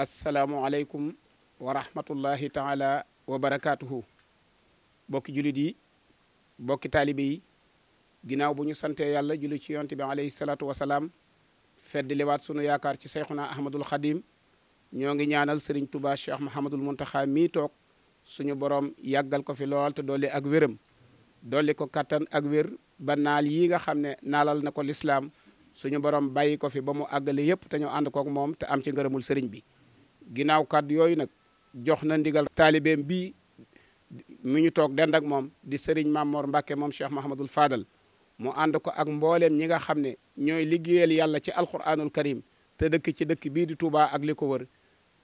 asalaamualeykum wa rahmatullahi taala wa barakaatuhu bokki jullit yi bokki taalibe yi ginnaaw bu ñu santee yàlla julli ci yonte bi alayhi salaatu wa salaam fedd liwaat sunu yaakaar ci seyxuna ahmadul xadim ñoo ngi ñaanal sëriñ tuba cheikh mahamadul muntaxa mii toog suñu borom yàggal ko fi lool te dolli ak wéram dolli ko kattan ak wér ba naal yii nga xam ne naalal na ko lislaam suñu borom bàyyi ko fi ba mu àggale yépp te ñu ànd kook moom te am ci ngërëmul sëriñ bi ginnaaw kàddu yooyu nag jox na ndigal taalibeem bii mi ñu toog dend ak moom di Serigne Mamor Mbacke moom Cheikh Mahamadul Fadal mu ànd ko ak mboolem ñi nga xam ne ñooy liggéeyal yàlla ci alquranul karim te dëkk ci dëkk bii di Touba ak li ko wër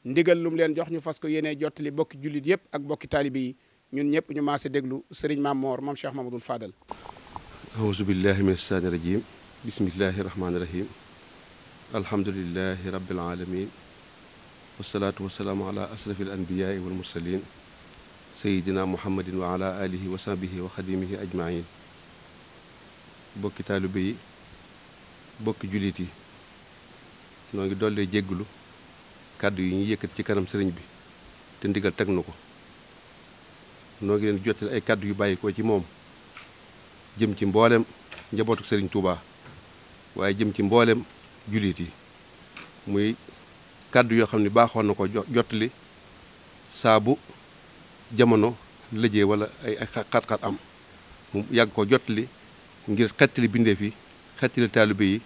ndigal lu leen jox ñu fas ko yéenee jottali bokki jullit yëpp ak bokki taalibe yi ñun ñëpp ñu maase déglu Serigne Mamor moom Cheikh Mahamadul Fadal. auzu billahi min asaani rajim bismillahi rahmaani rahim alhamdulilahi wasalaatu wasalaamu ala asrafi al anbiyaai wal mursalin sayidina muhammadin wa ala alihi wa sahbihi wa xadimihi ajmain bokki taalibe yi bokki jullit yi noo ngi dollee jégglu kàddu yi ñuy yëkkat ci kanam sëriñ bi te ndigal teg nu ko noo ngi leen jottali ay kàddu yu bàyyi ko ci moom jëm ci mboolem njabootu sëriñ Touba waaye jëm ci mboolem jullit yi muy kàddu yoo xam ne baaxoon na ko jottali saa saabu jamono lëjee walla ay xat-xat am mu yàgg ko li ngir xettali bindeef yi xettali taalibe yi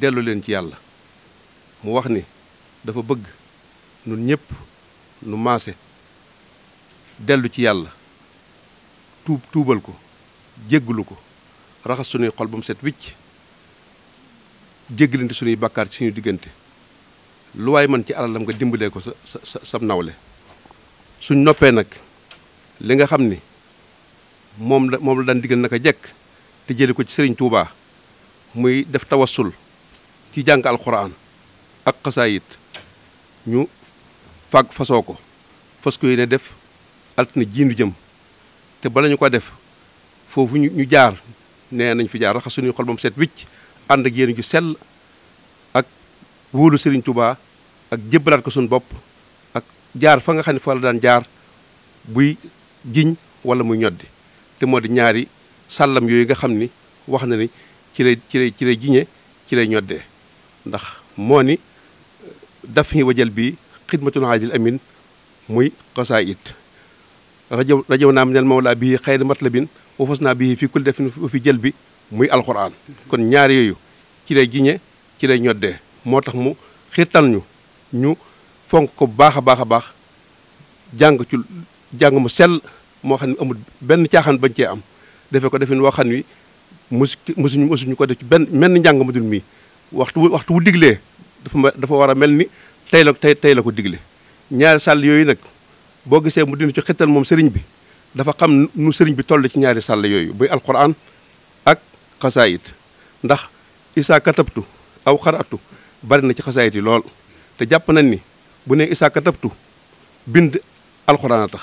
dellu leen ci yàlla mu wax ni dafa bëgg noonu ñëpp nu maase dellu ci yàlla tuub tuubal ko jégglu ko raxas sunuy xol ba mu set wicc jéggalante sunuy bàkkaar ci suñu diggante lu waay man ci alalam nga dimbalee ko sa sa sa nawle suñ noppee nag li nga xam ni moom la moom la daan digal naka jekk te jëli ko ci sëriñ Touba muy def tawasul ci jàng alxuraan ak xasaayit ñu fag fasoo ko fas ko yéene def altine jiinu jëm te bala ñu ko def foofu ñu jaar nee nañ fi jaar raxas suñuy xol ba mu set wicc ànd ak yéen ju sell wóolu Serigne Touba ak jébbalaat ko suñu bopp ak jaar fa nga xam ne fa la daan jaar buy jiñ wala mu ñoddi te moo di ñaari sàllam yooyu nga xam ni wax na ni ci lay ci ci lay jiñe ci lay ñoddee ndax moo ni daf ñi wajal bii xidmatul aajil amin muy xasaayit rajo rajo naa minel mawla bii xayri matlabin wa fas naa bii fi kul def fi jël bi muy alxuraan kon ñaari yooyu ci lay giñe ci lay ñoddee moo tax mu xiirtal ñu ñu fonk ko baax a baax a baax jàng ci jàng mu sell moo xam ne amul benn caaxaan bañ cee am defee ko defin woo xam ni musu musuñu musuñu ko def ci benn mel ni njàng mu dul mii waxtu wu waxtu wu diglee dafa dafa war a mel ni tey la tey tey la ko digle ñaari sàll yooyu nag boo gisee mu dina ci xittal moom sëriñ bi dafa xam nu sëriñ bi toll ci ñaari sàll yooyu buy alquran ak xasaayit ndax isaa katabtu aw xaraatu bari na ci xasaayit yi lool te jàpp nañ ni bu ne isaa katabtu bind alxuraan a tax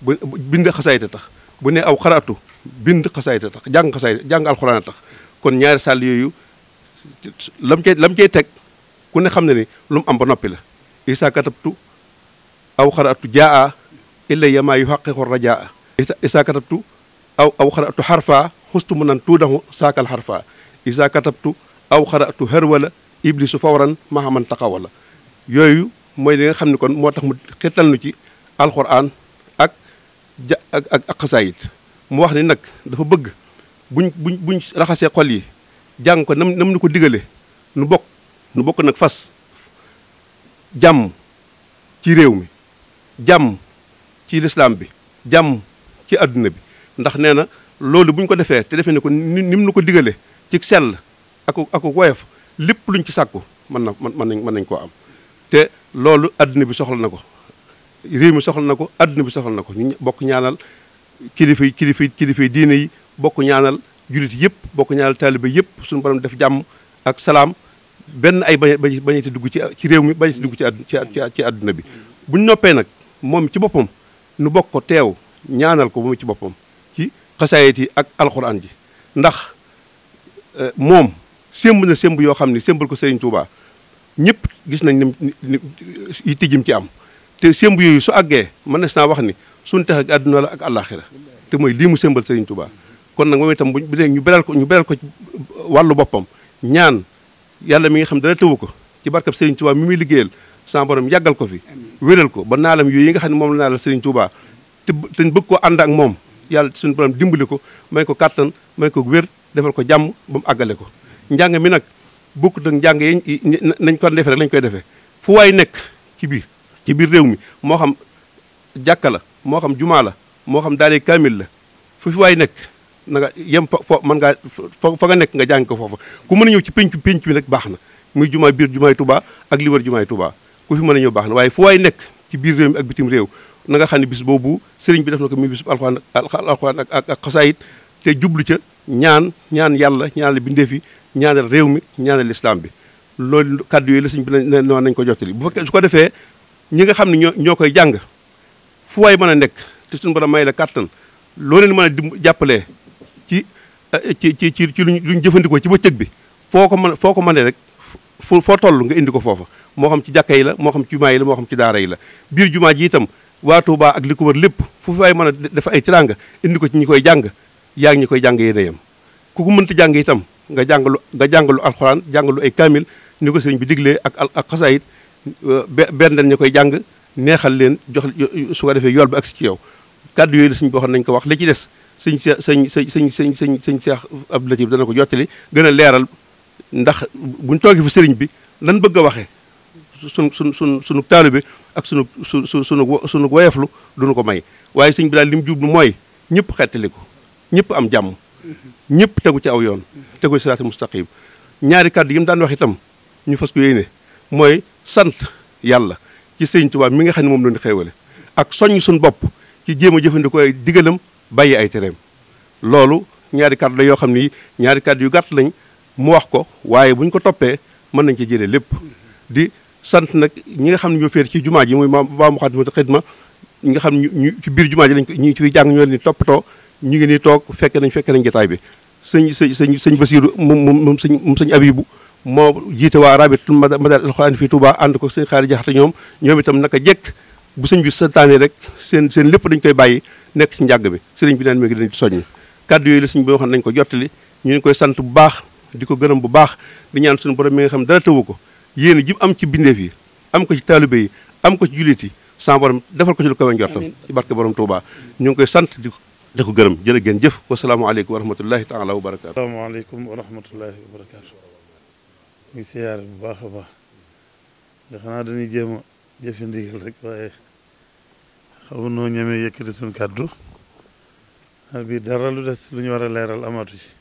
bu bind xasaayit a tax bu ne aw xaraatu bind xasaayit a tax jàng xasaayit jàng alxuraan tax kon ñaari sàll yooyu lam cay lam cay teg ku ne xam ne ni lu mu am ba noppi la isaa katabtu aw xaraatu jaa illa yamaa yu xaqiqu rajaa isaa katabtu aw aw tu xarfaa xustu mu nan tuudahu saakal xarfaa aw xaraatu harwala iblisu fawran mahaman taxawa la yooyu mooy li nga xam ne kon moo tax mu xetal nu ci alxuraan ak ja ak ak ak xasaayit mu wax ni nag dafa bëgg buñ buñ buñ raxasee xol yi jàng ko nam nam nu ko digale nu bokk nu bokk nag fas jàmm ci réew mi jàmm ci lislaam bi jàmm ci àdduna bi ndax nee na loolu bu ñu ko defee te defee ne ko ni mu nu ko digale ci sell ak ak woyof lépp luñ ci sàkku mën na mën nañ mën nañ koo am te loolu àdduna bi soxla na ko réew mi soxla na ko àdduna bi soxla na ko ñu bokk ñaanal kilifay yi kilifa yi kilifa yi diine yi bokk ñaanal jullit yëpp bokk ñaanal taalibe yëpp suñu borom def jàmm ak salaam benn ay bañ bañati dugg ci ci réew mi bañati dugg ci ci àdduna bi buñ noppee nag moom ci boppam nu bokk ko teew ñaanal ko boobu ci boppam ci xasaayit yi ak alxuraan ji ndax eh, moom sémb na sémb yoo xam ne sémbal ko Serigne Touba ñëpp gis nañ ni yi tijjim ci am te sémb yooyu su àggee mën na si naa wax ni suñ tax ak àdduna la ak àllaaxira te mooy lii mu sembal Serigne Touba kon nag moom itam bu ñu beral ko ñu beral ko wàllu boppam ñaan yàlla mi nga xam dara tëwu ko ci barkab Serigne Touba mi muy liggéeyal yàggal ko fi wéral ko ba naalam yooyu yi nga xam ne moom la naalal Serigne Touba te te bëgg koo ànd ak moom yàlla suñu dimbali ko may ko kàttan may ko wér defal ko jàmm ba mu àggale ko njàng mi nag bokkut ak njàng yi nañ ko defee lañ koy defee fu waay nekk ci biir ci biir réew mi moo xam jàkka la moo xam jumaa la moo xam daale kaamil la fu fi waay nekk na nga yem fo mën ngaa fa nga nekk nga jàng ko foofa ku mën a ñëw ci pénc pénc bi nag baax na muy jumaa biir jumaay Tuubaa ak li wër jumaay Tuubaa ku fi mën a ñëw baax na waaye fu waay nekk ci biir réew mi ak bitim réew na nga xam ne bis boobu sëriñ bi def na ko muy bis alxuraan alxuraan ak ak xasaayit te jublu ca ñaan ñaan yàlla ñaan la bindee ñaanal réew mi ñaanal lislaam bi loolu kàddu yooyu la sëñ bi nañ noonu nañ ko jottali bu fekkee su ko defee ñi nga xam ne ñoo ñoo koy jàng fu waay mën a nekk te suñu na may la kàttan loo leen mën a di jàppalee eh, ci ci ci ci ci luñ jëfandikoo ci bëccëg bi foo ko mën foo ko mënee rek foo foo toll nga indi ko foofa moo xam ci jàkka yi la moo xam ci jumaa yi la moo xam ci daara yi la biir jumaa ji tam waatu ba ak li ko lépp fu waay mën a def ay tiraanga indi ko ci ñi koy jàng yaa ngi koy jàng yéen a yem ku ko nga jàngalu nga jàngalu alxuraan jàngalu ay kaamil ni ko sëriñ bi diglee ak ak xasaayit euh, berndeel ñu koy jàng neexal leen jox su ko defee yool ba agsi ci yow kàddu yooyu la suñ boo xam nañ ko wax li ci des sëñ se sëñ sëñ sëñ sëñ sëñ sëñ Seex Abdou Latif dana ko jottali gën a leeral ndax buñ toogee fi sëriñ bi lan bëgg a waxee suñ suñ suñ suñu taalibe ak sunu su su sunu sunu woyeflu duñu ko may waaye sëñ bi daal li mu jublu mooy ñëpp xettali ko ñëpp am jàmm ñëpp tegu ci aw yoon tegu ci siraatal mustaqim ñaari kàddu yi mu daan wax itam ñu fas ko yéene mooy sant yàlla ci sëriñ Tuubaa mi nga xam ne moom doon xéewale ak soññ suñu bopp ci jéem a jëfandikoo ay digalam bàyyi ay tereem loolu ñaari kàddu la yoo xam ni ñaari kàddu yu gàtt lañ mu wax ko waaye bu ñu ko toppee mën nañ ci jëlee lépp di sant nag ñi nga xam ne ñoo féer ci jumaa ji muy Mbaye Mouhadoumou Khidma ñi nga xam ne ñu ci biir jumaa ji lañ ko ñi ciy jàng ñoo leen toppatoo ñu ngi nii toog fekke nañ fekke nañ jotaay bi sëñ sëñ sëñ sëñ Basiiru moom moom sëñ moom sëñ Abibu moo jiite waa rabitul madaarisul alxuraan fii Touba ànd ko sëñ Xaari Jaxate ñoom ñoom itam naka jekk bu sëñ bi santaane rek seen seen lépp dañ koy bàyyi nekk ci njàgg bi sëriñ bi neen mi ngi dañ ci soññ kàddu yooyu la sëñ bi ko jottali ñu ngi koy sant bu baax di ko gërëm bu baax di ñaan suñu borom mi xam dara tëwu ko yéen ji am ci bindeef yi am ko ci taalibe yi am ko ci jullit yi sans borom defal ko ci lu kawe njortam ci borom Touba ñu ngi koy sant di di ko gërëm jërë ngeen jëf wasalaamaaleykum wa rahmatullahi taala wa barakaatu. asalaamaaleykum wa rahmatullahi wa bu baax a baax nga xanaa dañuy jéem a ndigal rek waaye xaw noo ñemee yëkkati suñ kàddu bi dara lu des lu ñu war a leeral amatu si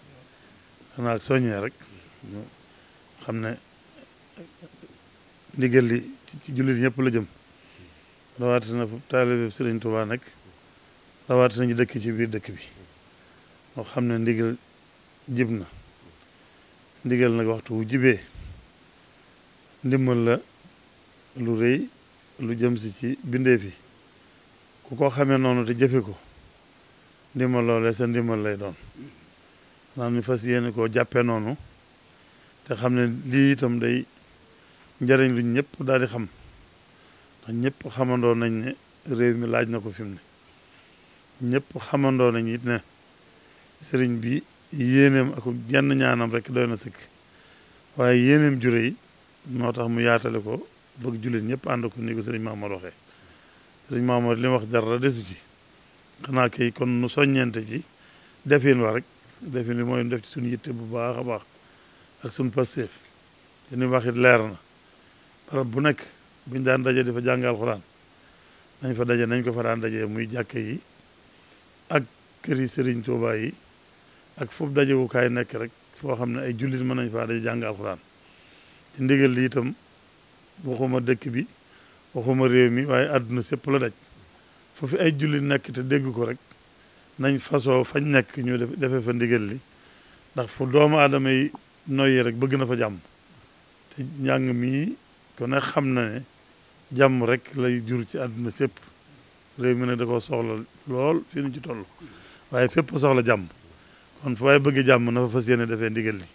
xanaa ak soññee rek xam ne ndigal li ci jullit ñëpp la jëm rawatina taalibe bi Sëriñ Tuubaa rawatina ñu dëkk ci biir dëkk bi moo xam ne ndigal jib na ndigal nag waxtu jibe jibee la lu rëy lu jëm si ci bindeef yi ku ko xamee noonu te jëfe ko ndimbal loolee sa ndimbal lay doon maanaam ñu fas yéene koo jàppee noonu te xam ne lii itam day njëriñ lu ñëpp daal di xam ndax ñëpp xamandoo nañ ne réew mi laaj na ko fi mu ne ñëpp xamandoo nañu it ne sëriñ bi yéeneem ak jenn ñaanam rek doy na sëkk waaye yéeneem jure yi moo tax mu yaatale ko bëgg jullit ñëpp ànd ko ni ko sëriñ Maamor waxee sëriñ Maamor li mu wax dara desu ci xanaa kay kon nu soññente ji defin wa rek defin bi mooy def ci suñu yitte bu baax a baax ak suñu pasteef te ni wax leer na barab bu nekk buñ daan daje di fa jàngal xuraan nañ fa daje nañ ko fa daan daje muy jàkke yi kër yi Serigne Touba yi ak foofu dajewukaay nekk rek foo xam ne ay jullit mën nañ faa daje jàng alxuraan ci ndigal li itam waxuma dëkk bi waxuma réew mi waaye àdduna sépp la daj foofu ay jullit nekk te dégg ko rek nañ fasoo fañ nekk ñu defee fa ndigal li ndax fu doomu aadama yi noyyi rek bëgg na fa jàmm te njàng mii kon ne xam na ne jàmm rek lay jur ci àdduna sépp réew mi ne da ko soxla lool fii nu ci toll waaye fépp soxla jàmm kon fu waaye bëgg jàmm na fa fas yéene defee ndigal li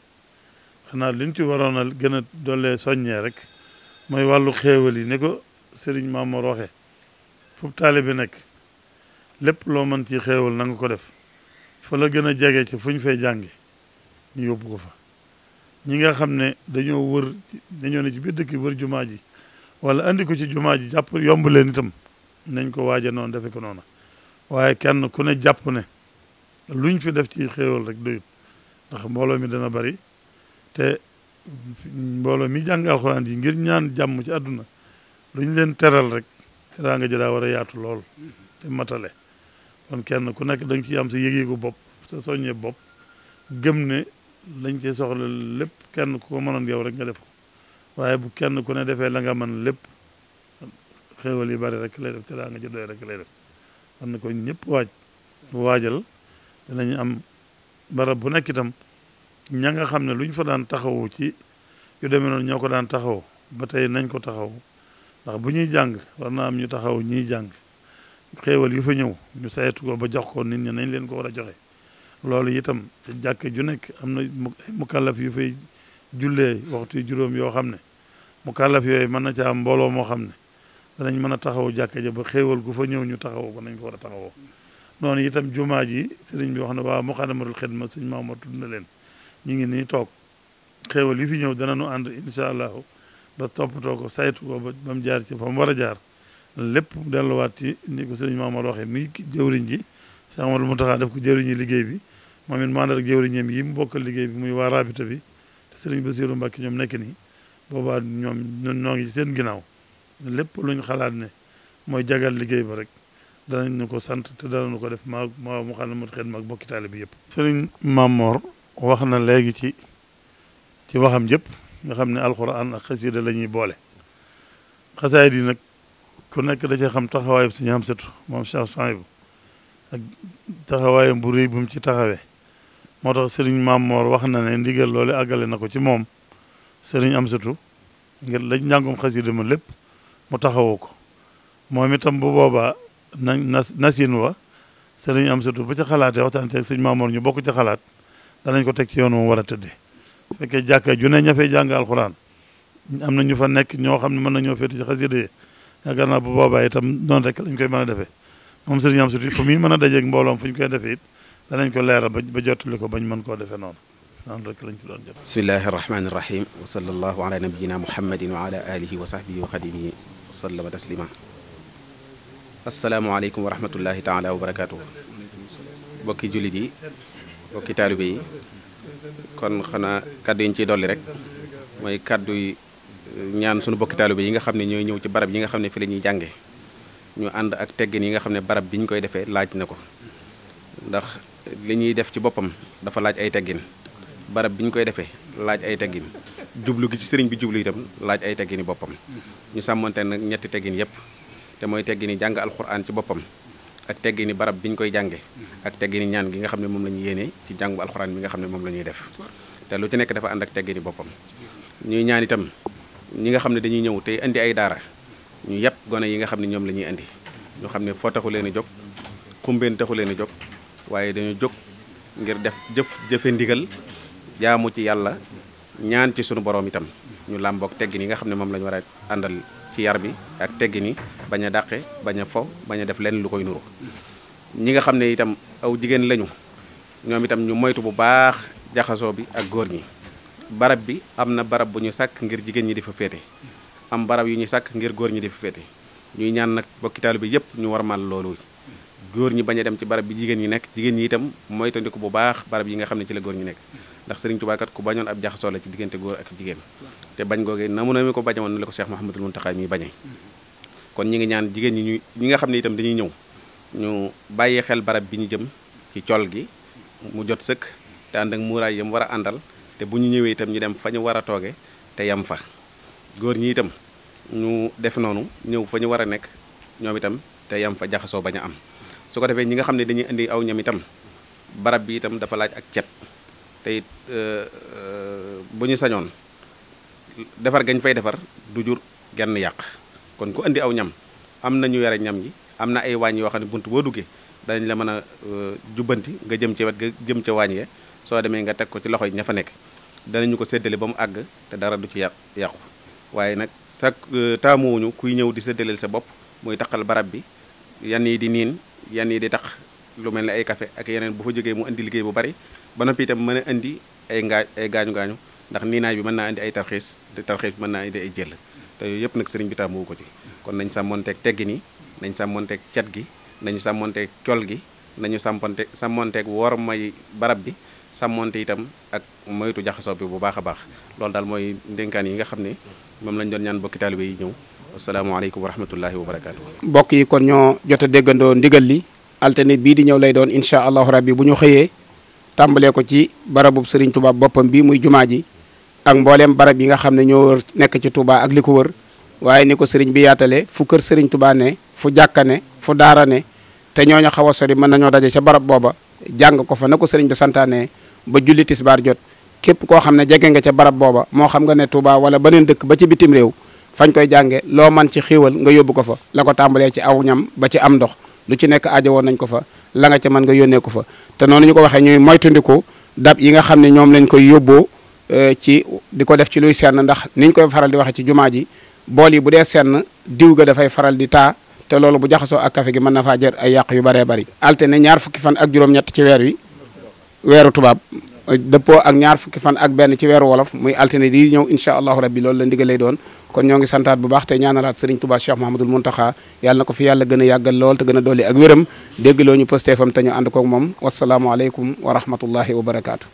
xanaa liñ ci waroon gën a doole soññee rek mooy wàllu xéewal yi ni ko sëriñ Maamoor waxee fu taalibe bi nekk lépp loo mën ci xéewal na ko def fa la gën a jege ci fu ñu jànge ñu yóbbu ko fa ñi nga xam ne dañoo wër dañoo ne ci biir dëkk wër jumaa ji wala andi ko ci jumaa ji jàpp yomb leen itam nañ ko waaja noonu defe ko noona waaye kenn ku ne jàpp ne lu ñu fi def ci xéewal rek doyut ndax mbooloo mi dana bari te mbooloo mi jàng alxuraan yi ngir ñaan jàmm ci àdduna ñu leen teral rek daa nga ji daa war a yaatu lool te matale kon kenn ku nekk da ci ciy am sa yëgeegu bopp sa soññe bopp gëm ne lañ ci soxla lépp kenn ku ko mënoon yow rek nga def waaye bu kenn ku ne defee la nga man lépp xéewal yi bari rek lay def teraanga ji doy rek lay def am na ko ñëpp waaj waajal danañu am barab bu nekk itam ña nga xam ne lu ñu fa daan taxawu ci yu demee noonu ñoo ko daan taxaw ba tey nañ ko taxaw ndax bu ñuy jàng war naa am ñu taxaw ñiy jàng xéewal yu fa ñëw ñu saytu ko ba jox ko nit ñi nañ leen ko war a joxe loolu itam te jàkk ju nekk am na ay mukallaf yu fay jullee waxtu juróom yoo xam ne mukallaf yooyu mën na ca am mbooloo moo xam ne danañ mën a taxaw jàkk ba xéewal gu fa ñëw ñu taxaw ko nañ ko war a taxawoo noonu itam jumaa ji sëriñ bi wax na waa muqaddamatul xidma sëñ Maama tudd na leen ñu ngi nii toog xéewal yi fi ñëw dana nu ànd incha allahu ba toppatoo ko saytu ko ba mu jaar ci fa mu war a jaar lépp mu delluwaat ci ni ko sëriñ Maama waxee muy jëwriñ ji Cheikh mu Mountakha def ko jëwriñi liggéey bi moom it maanaam jëwriñam yi mu bokkal liggéey bi muy waa rabita bi te sëriñ Bassirou mbakki ñoom nekk nii boobaa ñoom ñoo ngi ci seen ginnaaw lépp luñ xalaat ne mooy jagal liggéey ba rek danañ ñu ko sant te danañu ko def maa maa mu xam ne mu xet maag bokki taali bi yëpp sëriñ Mamor wax na léegi ci ci waxam yëpp nga xam ne alxuraan ak xasida la ñuy boole xasaayid yi nag ku nekk da cee xam taxawaayam suñu am sëtu moom Cheikh Souhaïbou ak taxawaayam bu réy bu mu ci taxawee moo tax sëriñ moor wax na ne ndigal loole àggale na ko ci moom sëriñ am sëtu ngir lañ njàngum xasida ma lépp mu taxawoo ko moom itam bu boobaa na nas nasin wa sëriñ am surtout bu ca xalaatee waxtaan ak sëñ Maamoor ñu bokk ci xalaat danañ ko teg ci yoon mu war a tëddee su fekkee ju ne ña fay jàng alxuraan am na ñu fa nekk ñoo xam ne mën nañoo féete ci xasida yi yaakaar naa bu boobaa itam noonu rek lañ koy mën a defee moom sëriñ am surtout fu muy mën a dajeeg mbooloom fu ñu koy defee it danañ ko leeral ba ba jottali ko bañ mën koo defee noonu noonu rek lañ ci doon jot bismillahi rahmaani rahim wa sallallahu ala nabiyina muhammadin wa ala alihi wa sahbihi wa xadimihi wa sallama taslima asalaamaaleykum wa rahmatullahi taala wa bokki jullit yi bokki taalibe yi kon xanaa kàddu yi ciy dolli rek mooy kàddu yi euh, ñaan sunu bokki taalibe yi nga xam ne ñooy ñëw ci barab yi nga xam ne fi la ñuy jànge ñu ànd ak teggin yi nga xam ne barab bi ñu koy defee laaj na ko ndax li ñuy def ci boppam dafa laaj ay teggin barab bi ñu koy defee laaj ay teggin jublu gi ci sëriñ bi jublu itam laaj ay teggini boppam ñu sàmmante nag ñetti teggin yépp te mooy teggini jàng alxuraan ci boppam ak teggini barab bi ñu koy jànge ak teggini ñaan gi nga xam ne moom la ñu yéene ci jàngu alxuraan bi nga xam ne moom la ñuy def te lu ci nekk dafa ànd ak teggini boppam ñuy ñaan itam ñi nga xam ne dañuy ñëw tey indi ay daara ñu yàpp gone yi nga xam ne ñoom lañuy indi ñu xam ne foo taxu leen a jóg xumbeen taxu leen a jóg waaye dañu jóg ngir def jëf jëfe ndigal jaamu ci yàlla ñaan ci sunu borom itam ñu làmboog teggin yi nga xam ne moom la war a àndal ci yar bi ak teggin yi bañ a dàqe bañ a fo bañ a def leen lu koy nuru ñi nga xam ne itam aw jigéen lañu ñoom itam ñu moytu bu baax jaxasoo bi ak góor ñi barab bi am na barab bu ñu sàkk ngir jigéen ñi di fa féete am barab yu ñu sàkk ngir góor ñi di fa féete ñuy ñaan nag bokki taalu bi yëpp ñu war warmal loolu góor ñi bañ a dem ci barab bi jigéen ñi nekk jigéen ñi itam moytandiku bu baax barab yi nga xam ne ci la góor ñi nekk ndax Serigne Touba ku bañoon ab jaxasoo la ci diggante góor ak jigéen te bañ googee na mu ne mi ko bañawoon ne la ko Cheikh Mahamadul Muntaxa mi bañee kon ñi ngi ñaan jigéen ñi ñu ñi nga xam ne itam dañuy ñëw ñu bàyyi xel barab bi ñu jëm ci col gi mu jot sëkk te ànd muuraay yam war a àndal te bu ñu ñëwee itam ñu dem fa war a tooge te yam fa góor ñi ñu def noonu ñëw fa ñu war a nekk ñoom itam te yam fa jaxasoo bañ a am su ko defee ñi nga xam ne dañuy indi aw ñam itam barab bi itam dafa laaj ak cet te it euh, euh, bu ñu sañoon defar gañ fay defar du jur genn yàq kon ku indi aw ñam am na ñu yore ñam yi am na ay waañ yoo xam ne bunt boo duggee danañ la mën a euh, jubbanti nga jëm ca wet nga jëm ca waañ ya soo demee nga teg ko ci loxo yi ña fa nekk danañu ko séddale ba mu àgg te dara du ci yàq yàqu waaye nag sa taamuwuñu kuy ñëw di séddaleel sa bopp muy taqal barab bi yan yi di niin yan yi di taq lu mel ne ay café ak yeneen bu fa jógee mu indi liggéey bu bari ba noppi itam mën a indi ay ngaa gaañu gaañu ndax niinaay bi mën naa indi ay tarxiis te tarxiis bi mën naa indi ay jël te yooyu yëpp nag sëriñ bi tàmmoo ko ci kon nañ sàmmonteeg teggin yi nañ sàmmonteeg cat gi nañu sàmmonteeg col gi nañu sàmmonte sàmmonteeg woor may barab bi sàmmonte itam ak moytu jaxasoo bi bu baax a baax loolu daal mooy ndenkaan yi nga xam ne moom lañ doon ñaan bokki taalibe yi ñëw asalaamaaleykum wa rahmatullahi wa barakaatu. mbokk yi kon ñoo jot altine bii di ñëw lay doon incha allahu rabbi bu ñu xëyee tàmbalee ko ci barabub Serigne tubaab boppam bi muy jumaa ji ak mbooleem barab yi nga xam ne ñoo wër nekk ci Touba ak li ko wër waaye ni ko Serigne bi yaatale fu kër Serigne Touba ne fu jàkka ne fu daara ne te ñooñu xaw a sori mën nañoo daje ca barab booba jàng ko fa na ko Serigne bi santaane ba julli tisbaar jot képp koo xam ne jege nga ca barab booba moo xam nga ne Touba wala beneen dëkk ba ci bitim réew fañ koy jànge loo man ci xiiwal nga yóbbu ko fa la ko tàmbalee ci aw ba ci am ndox lu ci nekk aajo woon nañ ko fa la nga ca mën nga yónnee ko fa te noonu ñu ko waxee ñuy moytandiku dab yi nga xam ne ñoom lañ koy yóbboo euh, ci di ko def ci luy senn ndax niñ koy faral di waxee ci jumaa ji bool yi bu dee senn diw ga dafay faral di taa te loolu bu jaxasoo ak kafe gi mën na faa jër ay yàq yu baree bari altine ñaar fukki fan ak juróom-ñett ci weer wi weeru tubaab dëppoo ak ñaar fukki fan ak benn ci weeru wolof muy altine di ñëw incha allahu rabbi loolu la ndigal lay doon kon ñoo ngi santaat bu baax te ñaanalaat sëriñ Tuubaa Cheikh Mahamadul Muntaxa yàlla na ko fi yàlla gën a yàggal lool te gën a dolli ak wéram déggloo ñu posté fam te ñu ànd moom wasalaamualeykum wa rahmatullahi wa barakaatu.